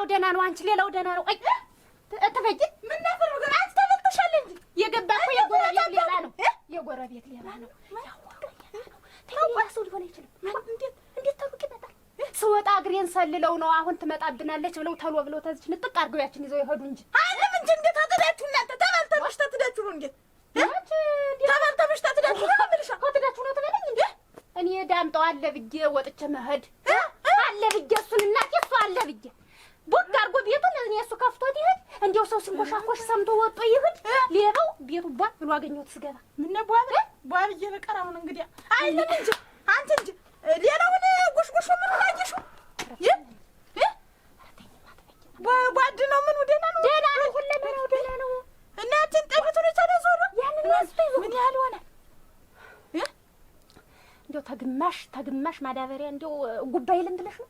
ሌላው ደህና ነው። አንቺ ሌላው ደህና ነው። አይ ተፈጂ ምን ነበር ወገን አንተ ተበልተሻል እንጂ የገባ እኮ የጎረቤት ሌላ ነው። የጎረቤት ሌላ ነው። ሰው ሊሆን አይችልም። እንዴት እንዴት ተሩቅ ይመጣል? ስወጣ እግሬን ሰልለው ነው አሁን ትመጣብናለች ብለው ተሎ ብለው ተዝች ንጥቅ አድርገው ያችን ይዘው ይሄዱ እንጂ አይደለም እንጂ እንዴት አደዳችሁ እናንተ ተበልተ በሽታ ትዳችሁ ነው እንዴት ተበልተ በሽታ ትዳችሁ ነው ብልሻ ከትዳችሁ ነው ትበለኝ እንዴ እኔ ዳምጠው አለ ብዬ ወጥቼ መሄድ አለ ብዬ እሱን እናቴ እሱ አለ ብዬ ቡግ አርጎ ቤቱን እኔ እሱ ከፍቶት ይሄድ እንዲያው ሰው ሲንኮሻኮሽ ሰምቶ ወጦ ይሄድ። ሌባው ቤቱ ቧ ብሎ አገኘሁት ስገባ። ምን ነው ቧ ብለህ አሁን እንግዲህ አይልም እንጂ አንተ እንጂ ሌላውን ጉሽጉሽ ምን ላይሽ ቧድ ነው ምን ደህና ነው ደህና ነው ሁለመናው ደህና ነው። እናችን ጠቢቱን የቻለ ዞሮ ያንን ያዝቶ ይዞ ምን ያህል ሆነ እንዲያው ተግማሽ ተግማሽ ማዳበሪያ እንዲያው ጉባኤ ልምድለሽ ነው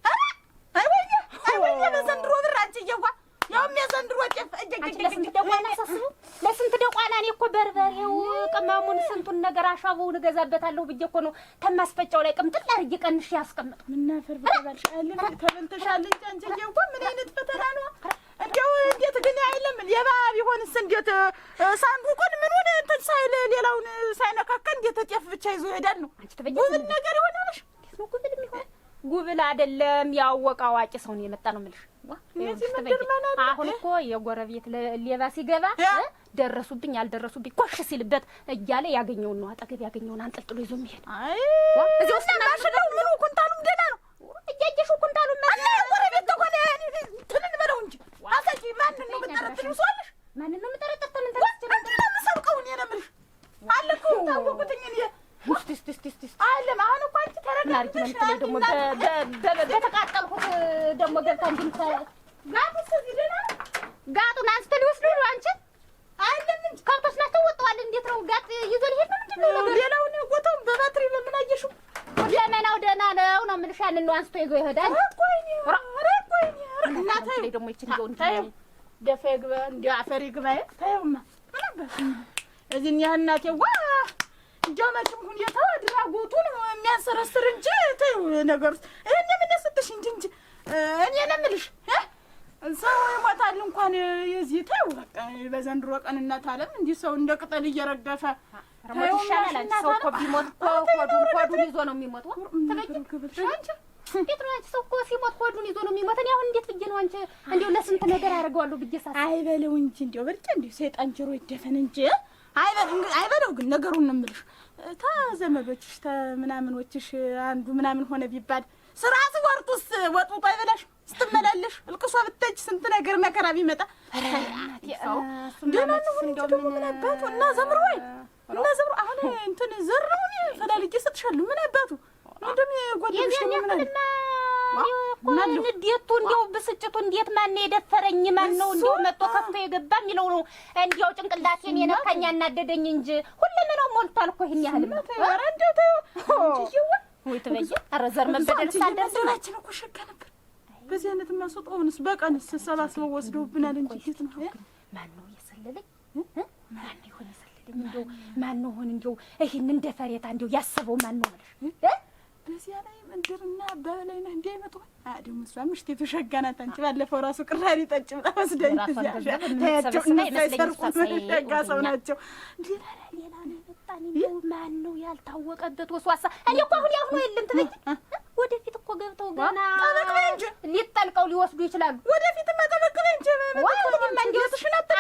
አሻቦውን እገዛበታለሁ ብዬሽ እኮ ነው ተማስፈጫው ላይ ቅምጥል አድርጌ ቀንሼ ያስቀምጡ ምናፈር ብታላልሽ አይልም ተበልተሻል እንጂ አንቺዬ እኮ ምን አይነት ፈተና ነው እንዴው እንዴት ግን አይልም የባ ቢሆንስ እንዴት ሳንዱቁን ምን ሆነ እንትን ሳይል ሌላውን ሳይነካካ እንዴት ጤፍ ብቻ ይዞ ይሄዳል ነው ጉብል ነገር ይሆናልሽ ጉብል የሚሆን ጉብል አይደለም ያወቀ አዋቂ ሰው ነው የመጣ ነው የምልሽ አሁን እኮ የጎረቤት ሌባ ሲገባ ደረሱብኝ አልደረሱብኝ ኮሽ ሲልበት እያለ ያገኘውን ነው አጠገብ ያገኘውን አንጠልጥሎ ይዞ የሚሄድ እዚህ ውስጥ ናሽለው ምኑ ኩንታሉም ደህና ነው እያየሽው ኩንታሉ እና የጎረቤት ተሆነ ትንን በለው እንጂ አሰጂ ማንን ነው ምጠረጥር ይውሰዋለሽ ማንን ነው ምጠረጥር ተምን ተረስችለ ለምሰብቀውን የነምርሽ አለኩ ታወቁትኝን አይደለም አሁን እኮ አንቺ ተረጋግተሽ ደግሞ በተቃጠልኩት ደግሞ ገብታ ጋጡን አንስተ ሊወስዱ ነው። አንቺ አይደለም እንጂ ከብቶች ናቸው ወጥተዋል። እንዴት ነው ጋጥ ይዞ ሊሄድ ነው? ሌላውን ቦታውን በባትሪ በምን አየሽው? ደህና ደህና ነው ነው የምልሽ። ያንን ነው አንስቶ ይዞ ይሄዳል። ደግሞ ይችን እንዲ አፈር ይግባ። ተይውማ እዚህ እኒያ እናቴዋ አሰራስር እንጂ ነገር ይህን የምነስብሽ እንጂ እንጂ እኔ ነው የምልሽ ሰው ይሞታል እንኳን የዚህ ተይው በቃ በዘንድሮ ቀንነት አለም እንዲህ ሰው እንደ ቅጠል እየረገፈ ሰው ሲሞት ሆዱን ይዞ ነው የሚሞት። አሁን እንዴት ነው አንቺ ለስንት ነገር ያደርገዋሉ ብዬሽ ሳስብ፣ እንጂ እንደው ብርቅ እንደው ሰይጣን ጆሮ ይደፈን እንጂ አይበለው ግን ነገሩን ነው የምልሽ። ተዘመዶችሽ ተምናምኖችሽ አንዱ ምናምን ሆነ ቢባል ስራ ስወርጡስ ወጡ አይበላሽ። ስትመላለሽ እልቅሷ ብተች ስንት ነገር መከራ ቢመጣ ደህና ነው ምን አባቱ እና ዘምሮ ወይ እና ዘምሮ አሁን እንትን ዘርነውን ፈላልጌ ሰጥሻለሁ። ምን አባቱ እንደም ጎደሽ ምን ንዴቱ እንዲያው ብስጭቱ እንዴት ማነው የደፈረኝ ማነው እንዲያው መጥቶ ከፍቶ የገባ የሚለው ነው እንዲያው ጭንቅላቴን የነካኝ ያናደደኝ እንጂ ሁለመናው ሞልቷል እኮ ይሄን ያህል ወይ ትበየ ኧረ ዘር መበደል ሳደርስናችን እኮ ሸጋ ነበር። በዚህ አይነት ማስወጣውንስ በቀንስ ሰባስበው ወስደውብናል እንጂ እንዴት ነው ማነው የሰለለኝ? ማነው የሆነ ሰለለኝ? እንደው ማነው ሆን እንደው ይሄንን ደፈሬታ እንደው ያሰበው ማነው ነው በዚያ ላይ እንድርና በላይ ነህ እንዲህ አይመጡ ደግሞ እሷ ምሽት አንቺ ባለፈው ራሱ ቅራሪ ጠጭ ብላ ወስደኝ ታያቸው። ሰው ናቸው። ሌላ ነው የመጣን ማን ነው ያልታወቀበት ወስዋሳ። እኔ እኮ አሁን ያሁኑ የለም ወደፊት እኮ ገብተው ገና ሊጠልቀው ሊወስዱ ይችላሉ። ወደፊት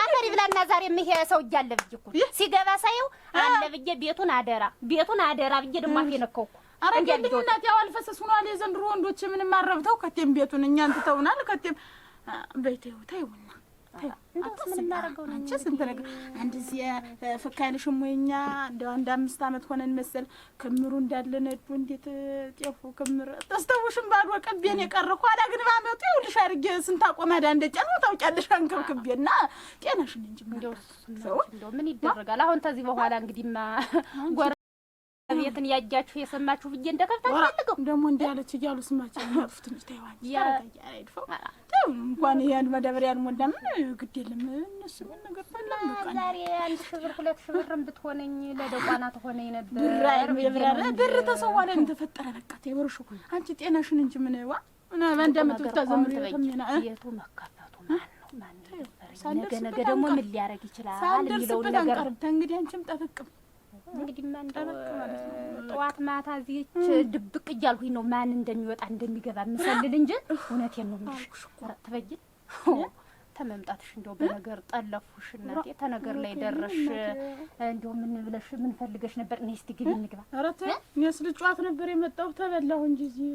አፈሪ ብላና ዛሬ እኮ ሲገባ ሳየው አለ ቤቱን አደራ ቤቱን አደራ ብዬ ደግሞ አፌ ነካው እኮ አረገልኝነት ያው አልፈሰስ ሆኗል። የዘንድሮ ወንዶች ምን ማረብተው ከቴም ቤቱን እኛ እንትተውናል። ከቴም በይተው ታይውና አንቺ ስንት ነገር አንድ እዚህ ፍካ ያልሽም ወይ እንደው አንድ አምስት አመት ሆነን መሰል ክምሩ እንዳለ ነዱ እንዴት ጤፉ ክምር ተስተውሽም ባዶ ቅቤን የቀረ ኋላ ግን ባመጡ ይኸውልሽ አድርጌ ስንት አቆማዳ እንደ ጨነው ታውቂያለሽ። አንከብክቤና ጤናሽን እንጂ ሰው ምን ይደረጋል አሁን ተዚህ በኋላ እንግዲህ ማ ቤትን ያጃችሁ የሰማችሁ ብዬ እንደከፍታ አልፈልገው ደግሞ እንዲያለች እያሉ ስማቸው የሚያጥፉት እንጂ ታይዋን ያድፈው እንኳን ያን መዳበሪያ ያልሞላ ምን ግድ የለም። እነሱ ምን ነገር ዛሬ አንድ ሺህ ብር ሁለት ሺህ ብርም ብትሆነኝ ለደቋና ትሆነኝ ነበር። ብር ተሰዋለ ተፈጠረ በቃ ተይበርሹ አንቺ ጤናሽን እንጂ ምን ዋ እንደምትታዘምሪ የቱ መከፈቱ ማን ነው። ነገ ነገ ደግሞ ምን ሊያረግ ይችላል የሚለውን ነገር እንግዲህ አንቺም ጠብቅም እንግዲህ ማን ጠዋት ማታ እዚህች ድብቅ እያልኩኝ ነው ማን እንደሚወጣ እንደሚገባ የምሰልል እንጂ እውነቴን ነው የምልሽ። መምጣትሽ እንደው በነገር ጠለፉሽ እናቴ፣ ተነገር ላይ ደረሽ። እንደው ምን ብለሽ ምን ፈልገሽ ነበር? እኔ እስቲ ግቢ እንግባ። ኧረ ተይ፣ እኔስ ልጫወት ነበር የመጣሁ ተበላሁ እንጂ እዚህ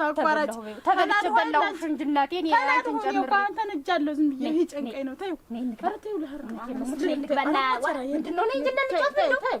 በአቋራጭ ተበላሁ በላሁሽ እንጂ እናቴ። እኔ አይደል ጨምር አንተ ነጃለሁ። ዝም ብዬ ይሄ ጨንቀኝ ነው። ተይው፣ ኧረ ተይው። ለህር ነው ምንድን ነው? እኔ እንጂ ነው በላሁ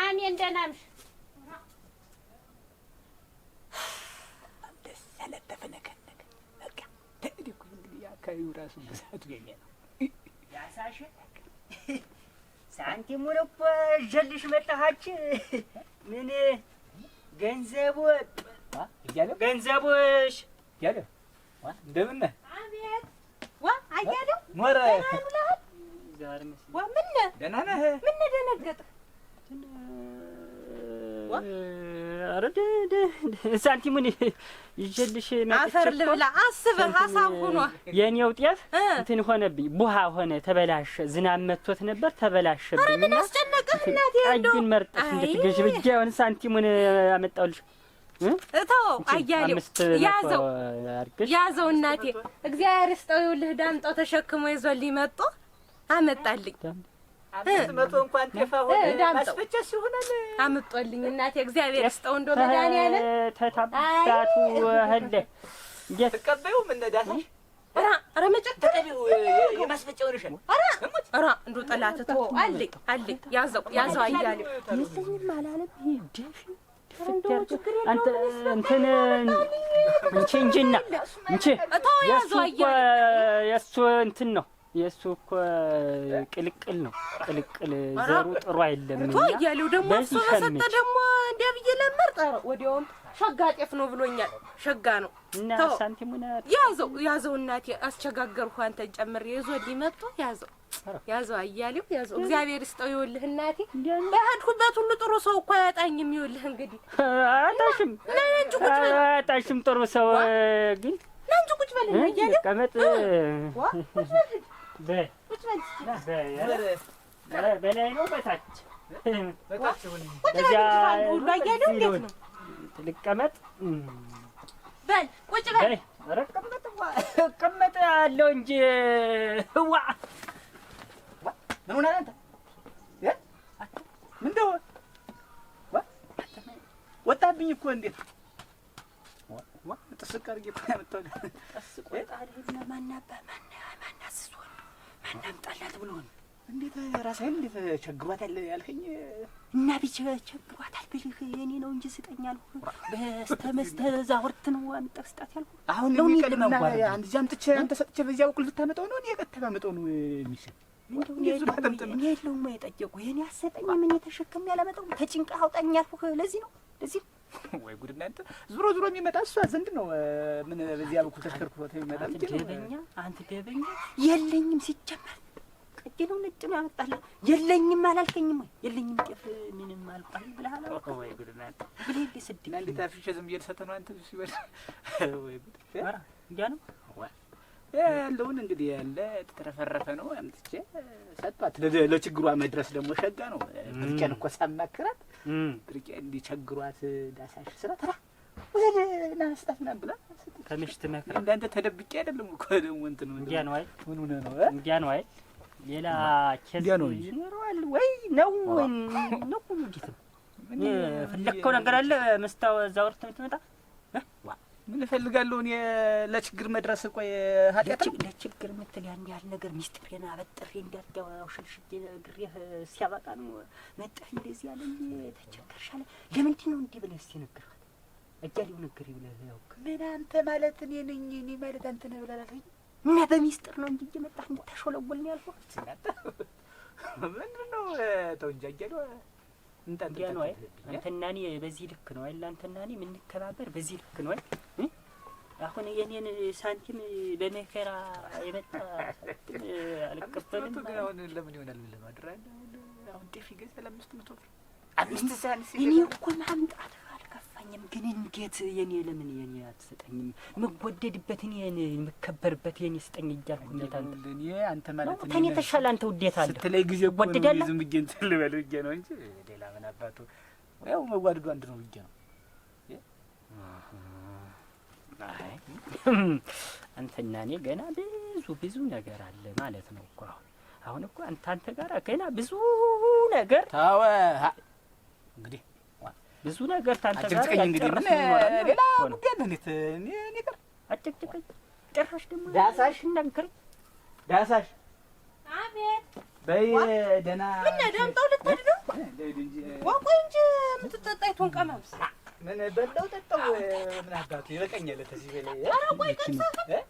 አሜን። ደህና ነሽ? ደስ ያለህ ተፈነከነከ። በቃ ተእድኩ እንግዲህ የአካባቢው ራሱ ብዛቱ የኔ ነው። ያሳሽ ሳንቲሙን እኮ እጀልሽ መጣሃች። ምን ገንዘቡ እያለ ገንዘቡሽ እያለ እንደምን ነህ? አቤት ዋ አያለው ኖረ ምን ደህና ነህ? ምን ደነገጥህ? ኧረ ሳንቲሙን ይዤልሽ አፈር ልብላ አስበህ ሀሳብ ሆኗ የእኔው ጤፍ እንትን ሆነብኝ፣ ቡሃ ሆነ ተበላሸ። ዝናብ መቶት ነበር ተበላሸብኝ። ና አስጨነቅህ እናቴ ግን መርጠሽ እንድትገዥ ብቻ የሆነ ሳንቲሙን አመጣሁልሽ። እተው አያሌው ያዘው ያዘው እናቴ እግዚአብሔር ይስጠው። ይኸውልህ ዳምጠው ተሸክሞ ይዞልኝ መጡ አመጣልኝ። አምጦልኝ እናቴ እግዚአብሔር ይስጠው። እንደው መድኃኒዓለም ተታባቱ ህለ እንዴት ትቀበዩም እነዳሳሽ ኧረ ኧረ መጨከል የማስፈጫውን እሸን ኧረ ኧረ እንደው ጠላት ተው አለኝ አለኝ ያዘው ያዘው አያሌው ይስኝም አላለም። ይሄ እንትን እንቺ እንጂና እንቺ የእሱ እንትን ነው የእሱ እኮ ቅልቅል ነው። ቅልቅል ዘሩ ጥሩ አይለም። ቶ እያሌው ደግሞ እሱ በሰጠ ደግሞ እንዲያ ብዬ ለመርጠ ወዲያውም ሸጋ ጤፍ ነው ብሎኛል። ሸጋ ነው እና ሳንቲሙን ያዘው ያዘው። እናቴ አስቸጋገርኩ አንተን ጨምር የዞ ሊመጡ ያዘው ያዘው አያሌው ያዘው። እግዚአብሔር ይስጠው። ይኸውልህ እናቴ በሄድኩበት ሁሉ ጥሩ ሰው እኮ አያጣኝም። ይኸውልህ እንግዲህ አያጣሽም፣ አያጣሽም ጥሩ ሰው ግን ናንቺ ቁጭ በል እያሌው ቀመጥ ቁጭ በል በላይ ነው በታች ልቀመጥ በል ቁጭ በል። ኧረ ቅመጥ ቅመጥ አለው እንጂ ህዋ ምን ሆነህ አንተ ምንድን ነው ወጣብኝ እኮ እንዴት ጥስቅ አድርጌ እኮ ነው የምትወደው። እናምጣላት ብሎን እንዴት ራሳይን እንዴት ቸግሯታል ያልከኝ እና ቢች ቸግሯታል ብልህ የኔ ነው እንጂ ስጠኝ አልኩህ። በስተ መስተዛወርት ነው አምጠህ ስጣት ያልሁ። አሁን የሚቀልና አንድ እዚህ አምጥቼ አንተ ሰጥቼ በዚያ በኩል ልታመጠው ነው እኔ ቀጥታ ነው የሚሰጥ እኔ የለውም የጠየቁ የኔ አሰጠኝ ምን የተሸከም ያለመጠው ተጭንቀ አውጣኝ ያልኩህ ለዚህ ነው ለዚህ ነው ወይ ጉድ እናንተ! ዞሮ ዞሮ የሚመጣ እሷ ዘንድ ነው። ምን በዚያ በኩል ተሽከርክሮት የሚመጣ ደበኛ፣ አንተ ደበኛ። የለኝም ሲጀመር ቀጭ ነው ነጭ ነው ያመጣልህ። የለኝም አላልከኝም ወይ? የለኝም ጤፍ ምንም አልቋል ብለሃል። ወይ ጉድ እናንተ! ብለህ እንደ ስድ እና እንዴት አፍሽ ዝም እየተሰተ ነው አንተ ሲበል ወይ ጉድ! እንዲያ ነው ያለውን እንግዲህ ያለ የተተረፈረፈ ነው አምጥቼ ሰጧት። ለችግሯ መድረስ ደግሞ ሸጋ ነው። ብቻ እኮ ሳማክራት ብርቄ እንዲቸግሯት ዳሳሽ ስራ ተራ ወደ ናስጣት ና ብላ ከምሽት መክራ እንዳንተ ተደብቄ አይደለም እኮ ደግሞ እንትን እንዲያ ነው። አይ ምን ሆነ ነው እንዲያ ነው። አይ ሌላ ኬዝ ይኖረዋል ወይ ነው ወይ ነው ጌትም ፈለግከው ነገር አለ መስታወ እዛ ወርት የምትመጣ ዋ ምን እፈልጋለሁ እኔ ለችግር መድረስ ቆይ ሀጢያት ለችግር የምትል ያን ያህል ነገር ሚስጥሬን አበጥሬ እንዳትገባው ሽልሽል ግሬህ ሲያበቃ ነው መጠህ እንደዚህ ያለ ተቸገርሻለ ለምንድን ነው እንዲህ ብለህ እስኪ ነግርሃል እያሌው ነገር ይብለህ ያውቅ ምን አንተ ማለት እኔ ነኝ እኔ ማለት አንተ ነህ ብለህ አላለኝ እና በሚስጥር ነው እንዲህ እየመጣህ እንድታሾለወልን ያልኩህ ምንድን ነው ተው እንጂ እያሌው እንጠንጥያ ነው አይደል? አንተና እኔ በዚህ ልክ ነው አይደል? አንተና እኔ የምንከባበር በዚህ ልክ ነው አይደል? አሁን የኔን ሳንቲም በመከራ የመጣ ሳንቲም አልቀበልም። ግን አሁን ለምን ይሆናል ለማድረግ አሁን ጤፍ ይገዛል አምስት መቶ ብር አምስት ሳንቲም እኔ እኮ ማምጣት አልገባኝም። ግን እንዴት የኔ ለምን የኔ አትሰጠኝም? የምወደድበት እኔን የምከበርበት የኔ ስጠኝ እያልኩ እንዴት አንተ ማለት ተኔ ተሻለ አንተ ውዴታ አለ ስትለይ ጊዜ እኮ ነው ዝም ብዬ እንትን ልበል ብዬ ነው እንጂ ሌላ ምን አባቱ ያው መዋደዱ አንድ ነው ብዬ ነው። አንተና እኔ ገና ብዙ ብዙ ነገር አለ ማለት ነው እኮ አሁን አሁን እኮ አንተ አንተ ጋር ገና ብዙ ነገር ታወ እንግዲህ ብዙ ነገር ታንተ ጋር አጭቅጭቅኝ እንግዲህ ምን ሌላ ጉዳይ ነው። እንዴት እኔ እኔ ጋር አጭቅጭቅኝ ጭራሽ ደግሞ ዳሳሽ እንዳንከር ዳሳሽ አቤት በይ ደህና ምን ደምጠው ልትሄድ ነው ዋቆይ እንጂ የምትጠጣ ይቱን ቀመምስ ምን በላው ጠጣው ምን አባቱ ይበቃኛል። ተዚህ በላይ ኧረ ቆይ ቀምሰህ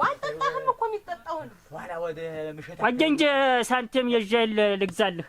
ዋልጠጣህም እኮ የሚጠጣውን ዋላ ወደ ምሽት ቆይ እንጂ ሳንቲም የዣል ልግዛልህ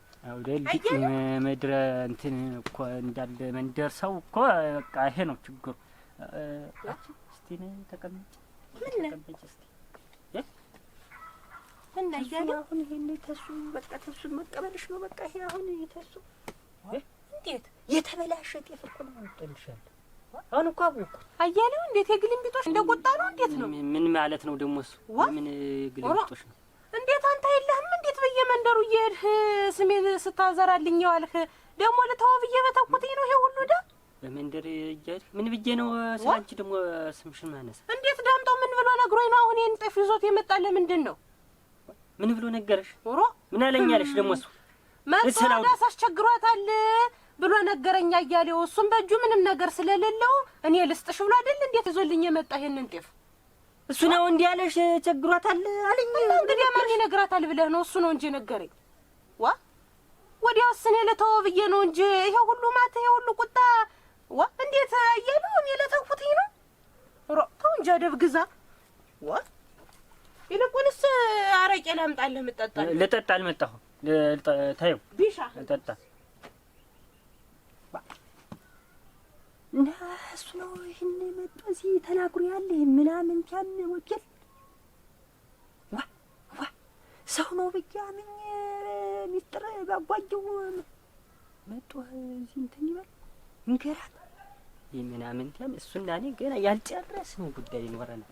አውደልቅ እንትን እኮ እንዳለ መንደር ሰው እኮ በቃ ይሄ ነው ችግሩ። እስቲ ነይ ተቀመጭ፣ እያለ አሁን ይሄን ተሱ በቃ ተሱ መቀበልሽ ነው በቃ ይሄ አሁን እንዴት የተበላሸ ጤፍ እኮ ነው አሁን እኮ አያሌው፣ እንዴት የግልምቢጦሽ እንደቆጣ ነው። እንዴት ነው ምን ማለት ነው ደግሞ? እሱ ምን ግልምቢጦሽ ነው? እንዴት አንተ የለህም መንደሩ እየሄድህ ስሜን ስታዘራልኝ ዋልህ። ደግሞ ልተወው ብዬ በተኩትኝ ነው ይሄ ሁሉ እዳ በመንደር እያሄድህ ምን ብዬ ነው ስላንቺ ደግሞ ስምሽን ማነሳ? እንዴት ዳምጦ ምን ብሎ ነግሮኝ ነው አሁን ይህን ጤፍ ይዞት የመጣለ? ምንድን ነው ምን ብሎ ነገረሽ? ሮ ምን አለኛለሽ ደግሞ እሱ መዳስ አስቸግሯታል ብሎ ነገረኛ እያሌው እሱም በእጁ ምንም ነገር ስለሌለው እኔ ልስጥሽ ብሎ አይደል እንዴት ይዞልኝ የመጣ ይህንን ጤፍ እሱ ነው እንዲህ ያለሽ ቸግሯታል አለኝ። እንግዲህ ማን ይነግራታል ብለህ ነው? እሱ ነው እንጂ ነገረኝ። ዋ ወዲያው ስኔ ለተወው ብዬ ነው እንጂ ይሄ ሁሉ ማታ ይሄ ሁሉ ቁጣ ዋ እንዴት እያሉ እኔ ለተውኩትኝ ነው። ሮ ተው እንጂ አደብ ግዛ። ዋ ይልቁንስ አረቄ ላምጣልህ፣ የምጠጣ ልጠጣ አልመጣሁም። ታየው ቢሻ ልጠጣ እና እሱ ነው ይህን መጥቶ እዚህ ተናግሮ ያለ ምናምን ቲያም ወኪል ዋ ዋ ሰው ነው ብያ ምን ሚስጥር ባጓጀው መጥቶ እዚህ እንትን ይበል እንገራት ይህ ምናምን ቲያም እሱና እኔ ገና ነው ጉዳይ ይኖረናል።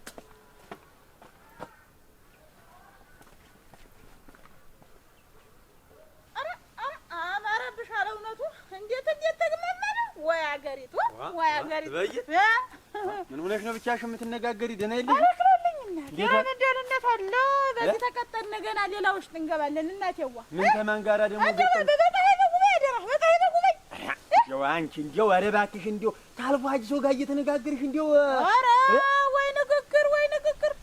ተነጋገሪ። ምን ብለሽ ነው ብቻሽ የምትነጋገሪ? ደህና የለሽም። ደህንነት አለ። በዚህ ተቀጠልን ገና ሌላ ውስጥ እንገባለን። እናቴዋ ምን ከማን ጋራ ደግሞ አንቺ እንደው ኧረ እባክሽ እንደው ታልፎ ሰው ጋር እየተነጋገርሽ እንደው ኧረ ወይ ንግግር ወይ ንግግር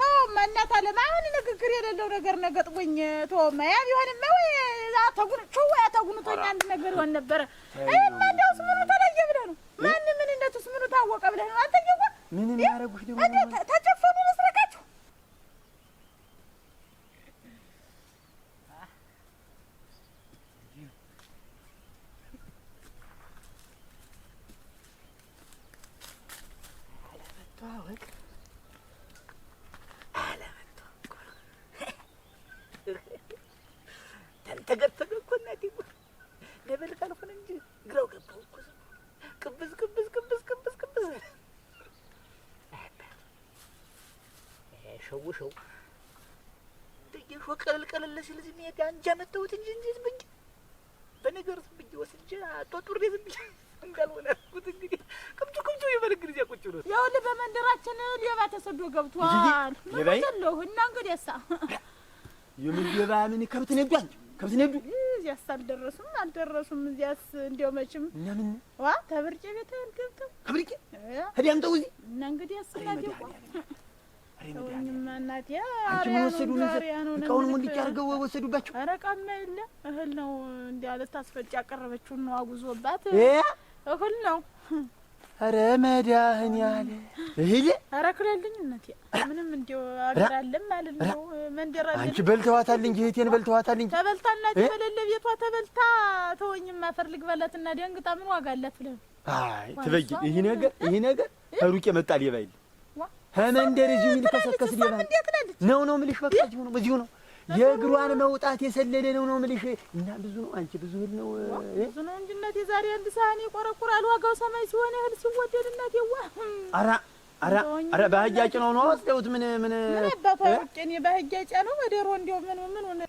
ተወማ እናት አለም አሁን ንግግር የሌለው ነገር ነገጥጎኝ ተወማ ያ ቢሆንማ ወይ አተጉንቾ ወይ አተጉንቶኛ አንድ ነገር ይሆን ነበረ ይህማ እንደው ስምሩተ ታወቀ ብለህ ነው አንተ። እየዋ ምንም ያረጉሽ ደግሞ ተጨፈኑ ልስረቃችሁ። ተንተገተገ እኮ እናቴ ለበልክ አልሆነ እንጂ ግራው ገባሁ እኮ ቅብዝ ቅብዝ ሸውሸው ብዬሽ ቀለል ቀለል ሲል ዝም ብዬ አንጃ መተውት እንጂ እንጂ ዝም ብዬ በነገር ዝም ብዬ ወስጄ አጧጡሬ ዝም ብዬ እንዳልሆነ አልኩት። እንግዲህ ቅምጩ ቅምጩ ይበል እንግዲህ እዚያ ቁጭ ብሎ ይኸውልህ፣ በመንደራችን ሌባ ተሰዶ ገብቷል። ምን ዘለሁ እና እንግዲያሳ የምን ሌባ ምን ከብት ነዱ አንቺ ከብት ነዱ እዚያስ አልደረሱም አልደረሱም። እዚያስ እንዲያው መቼም እና ምን ዋ ተብርቄ ቤት አልገብተው ገብተው ከብርቄ ህዲያምጠው እዚህ እና እንግዲያስ ናገባ እቃውን ሙልጭ አድርገው ወሰዱባቸው። ኧረ የለ እህል ነው እንዲያ ልታስፈጭ ያቀረበችውን ነው አጉዞባት እህል ነው። ኧረ እህል ኧረ ክለልኝ እናቴ ምንም ማለት ነው አንቺ በልተዋታል እንጂ እህቴን በልተዋታል እንጂ ተበልታ እናቴ በሌለ ቤቷ ተበልታ ተወኝም እና ደንግጣ ምን ዋጋ አላት ብለህ አይ ነገር ነገር ከሩቅ የመጣ ሌባ የለ ከመንደር እዚሁ የሚልከሰከስ ሌባ ነው ነው የምልሽ። በቃ እዚሁ ነው እዚሁ ነው የእግሯን መውጣት የሰለለ ነው ነው የምልሽ። እና ብዙ ነው አንቺ ብዙ እህል ነው ብዙ ነው እንጂ እናቴ ዛሬ አንድ ሳህን ይቆረቁራል ዋጋው ሰማይ ሲሆን እህል ሲወደድ እናቴ ዋ ኧረ ኧረ ኧረ ባህያ ጭነው ነው ወስደውት ምን ምን ምን አባቷ ውጭ እኔ ባህያ ጭነው ወደሮ እንዲያው ምን ምን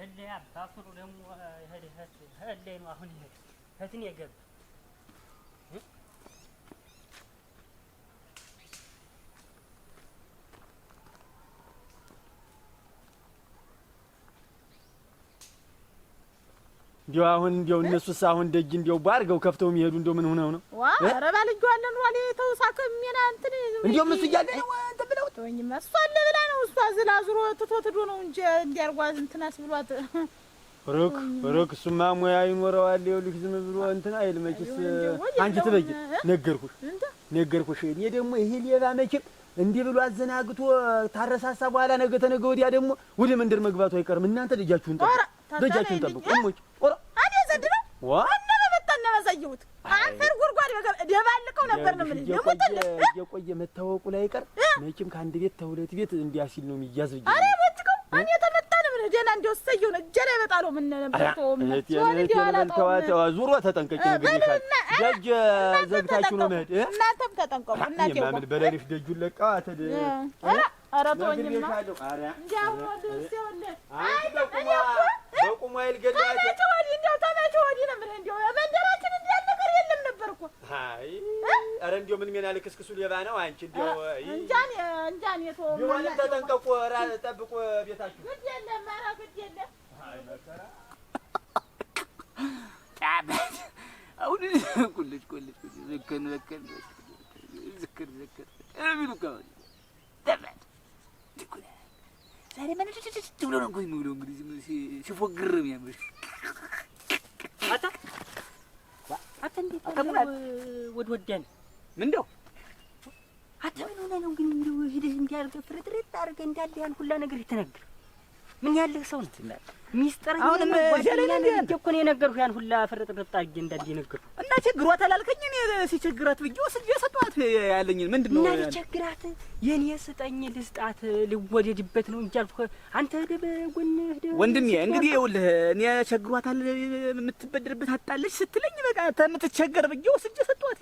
ህሌ አባቱ ደግሞ ይሄድ ይሄድ ህሌ ነው አሁን ይሄድ ከትን የገባ እንዲያው አሁን እንዲያው እነሱስ አሁን ደጅ እንዲው ባርገው ከፍተው የሚሄዱ እንዲያው ምን ሆነው ነው? ዋ ኧረ አለን ዋሌ ተውሳከ ሚና እንትን እንዲያው እሱ እያለ ነው እንትን ብለው ተወኝማ እሷ ብላ ነው እሷ ዝላዝሮ ዙሮ ትቶት ነው እንጂ እንዲያርጓዝ እንትናስ ብሏት ሩክ ሩክ እሱማ ሙያ ይኖረዋል። ይኸውልሽ ዝም ብሎ እንትን አይል መችስ አንቺ ትበይ። ነገርኩሽ ነገርኩሽ። እኔ ደግሞ ይሄ ሌባ መቼም እንዲህ ብሎ አዘናግቶ ታረሳሳ በኋላ ነገ ተነገ ወዲያ ደግሞ ወደ መንደር መግባቱ አይቀርም። እናንተ ደጃችሁን ጠብቁ፣ ደጃችሁን ጠብቁ። እሞች ቆራ አዲ ዘድሮ ዋ እና በጣና ባሳየሁት አንፈር ጉርጓድ ደባልቀው ነበር ነው ምን ደግሞ የቆየ መታወቁ ላይ ቀር መቼም ከአንድ ቤት ተሁለት ቤት እንዲያሲል ነው የሚያዝብኝ። አረ ወጭቀው አንየ ተመጣ ደህና እንደው እሰየው ነው። እጄ ላይ በጣለው ምን ዙሮ ተጠንቀቂ። ደጅ ዘግታችሁ ነው መሄድ። እናንተም ተጠንቀቁ። እናቴ በለሪፍ ደጁን ለቃ ተደ ኧረ ነበር እኮ ኧረ እንዲያው ምን ሜና ልክስክሱ ሌባ ነው። አንቺ እንዲያው እንጃን እንጃን የቶ ቢሆንም ተጠንቀቁ፣ ራ ጠብቁ ቤታችሁ። ግድ የለም ኧረ ግድ የለም ጣበት አሁን ኩልጅ ኩልጅ ዝክን ዝክን ዝክር ዝክር የሚሉ ከሆነ ጠበት ዛሬ ምን ብሎ ነው ጎኝ ብሎ እንግዲህ ሲፎግር የሚያምር አታ አታ እንዴት ወድ ወዳን ምንድነው? አንተ ምን ሆነህ ነው ግን እንደው ሄደህ እንዲህ አድርገህ ፍርጥርጥ አድርገህ እንዳለ ያን ሁላ ነገር የተነገረው ምን ያለህ ሰው ነህ? ሚስጥር አሁንም እዚያ ላይ ነው እኮ ነው የነገርኩህ። ያን ሁላ ፍርጥ ፍርጥ አድርጌ እንዳልኩህ የነገርኩህ እና ችግሯት አላልከኝ? እኔ ሲቸግራት ብዬ ወስድ የሰጠኋት ያለኝ ምንድን ነው እና ቸግራት የኔ ስጠኝ ልስጣት ልወደድበት ነው እንጂ አልኩህ። አንተ ሄደህ በጎንህ ሄደህ ወንድሜ፣ እንግዲህ ይኸውልህ እኔ ቸግሯታል የምትበድርበት አጣለች ስትለኝ በቃ የምትቸገር ብዬ ወስጄ የሰጠኋት።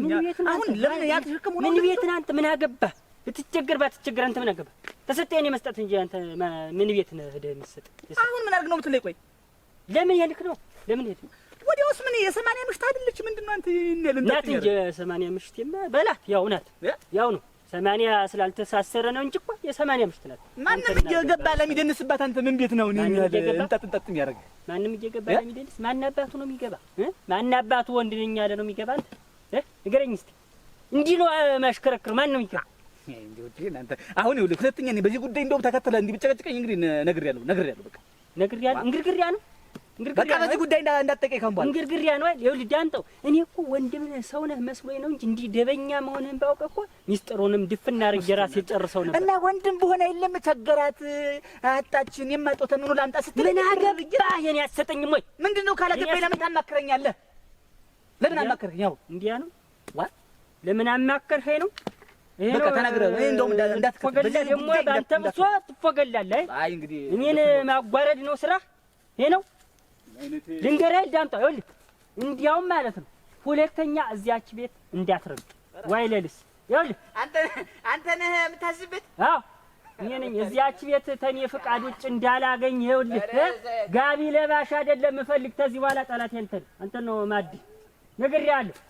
አሁን ለምን ያልተሸከሙ ምን ቤትን አንተ ምን አገባህ? ብትቸገር ባትቸገር አንተ ምን አገባ? የኔ መስጠት እንጂ አንተ ምን ቤት ነህ ሄደህ የምትሰጥ? አሁን ምን አድርግ ነው የምትለኝ? ቆይ ለምን ይሄ ነው? ለምን ይሄድ ወዲያውስ ምን የሰማንያ ምሽት አይደለች? ምንድን ነው አንተ ናት እንጂ የሰማንያ ምሽት በላት ያው ናት ያው ነው ሰማንያ ስላልተሳሰረ ነው እንጂ እኮ የሰማንያ ምሽት ናት። ማንም እየገባ ለሚደንስባት አንተ ምን ቤት ነው እንጣጥ እንጣጥ የሚያደርግ? ማንም እየገባ ለሚደንስ ማን አባቱ ነው የሚገባ? ማን አባቱ ወንድ ነኝ ያለ ነው የሚገባ? አንተ ንገረኝ እስኪ እንዲህ ነው ማሽከረክር ማን ነው የሚገባ? አሁን ይኸውልህ ሁለተኛ እኔ በዚህ ጉዳይ እንደውም ተከተለ እንዲህ ብጨቀጭቀኝ እንግዲህ ነግሬያለሁ ነግሬያለሁ በቃ ነግሬያለሁ እንግርግሪያ ነው በቃ በዚህ ጉዳይ እንዳትጠቀኝ ከም በኋላ እንግርግሪያ ነው አይደል ይኸውልህ ዳምጠው እኔ እኮ ወንድም ሰው ነህ መስሎኝ ነው እንጂ እንዲህ ደበኛ መሆንህን ባውቅ እኮ ሚስጥሩንም ድፍና አድርጌ እራሴ ጨርሰው ነበር እና ወንድም በሆነ የለም ቸገራት አጣችን የማጦተ ምኑ ላምጣ ስትል ምን አገባህ የኔ አትሰጠኝም ወይ ምንድን ነው ካላገባኝ ለምን ታማክረኛለህ ለምን አማከርከኝ አሁን እንዲያ ነው ዋ ለምን አማከርከኝ ነው እኔን ማጓረድ ነው ስራ። ይሄ ነው ልንገርህ፣ ዳምጣ ይኸውልህ። እንዲያውም ማለት ነው ሁለተኛ እዚያች ቤት እንዳትረግ ዋይ ለልስ ይኸውልህ፣ አንተ አንተ ነህ የምታዝበት። አዎ እኔ ነኝ። እዚያች ቤት ተኔ ፍቃድ ውጭ እንዳላገኝ ይኸውልህ፣ ጋቢ ለባሽ አይደለም እፈልግ። ተዚህ በኋላ ጠላት አንተን አንተን ነው ማድ ነግሬሃለሁ።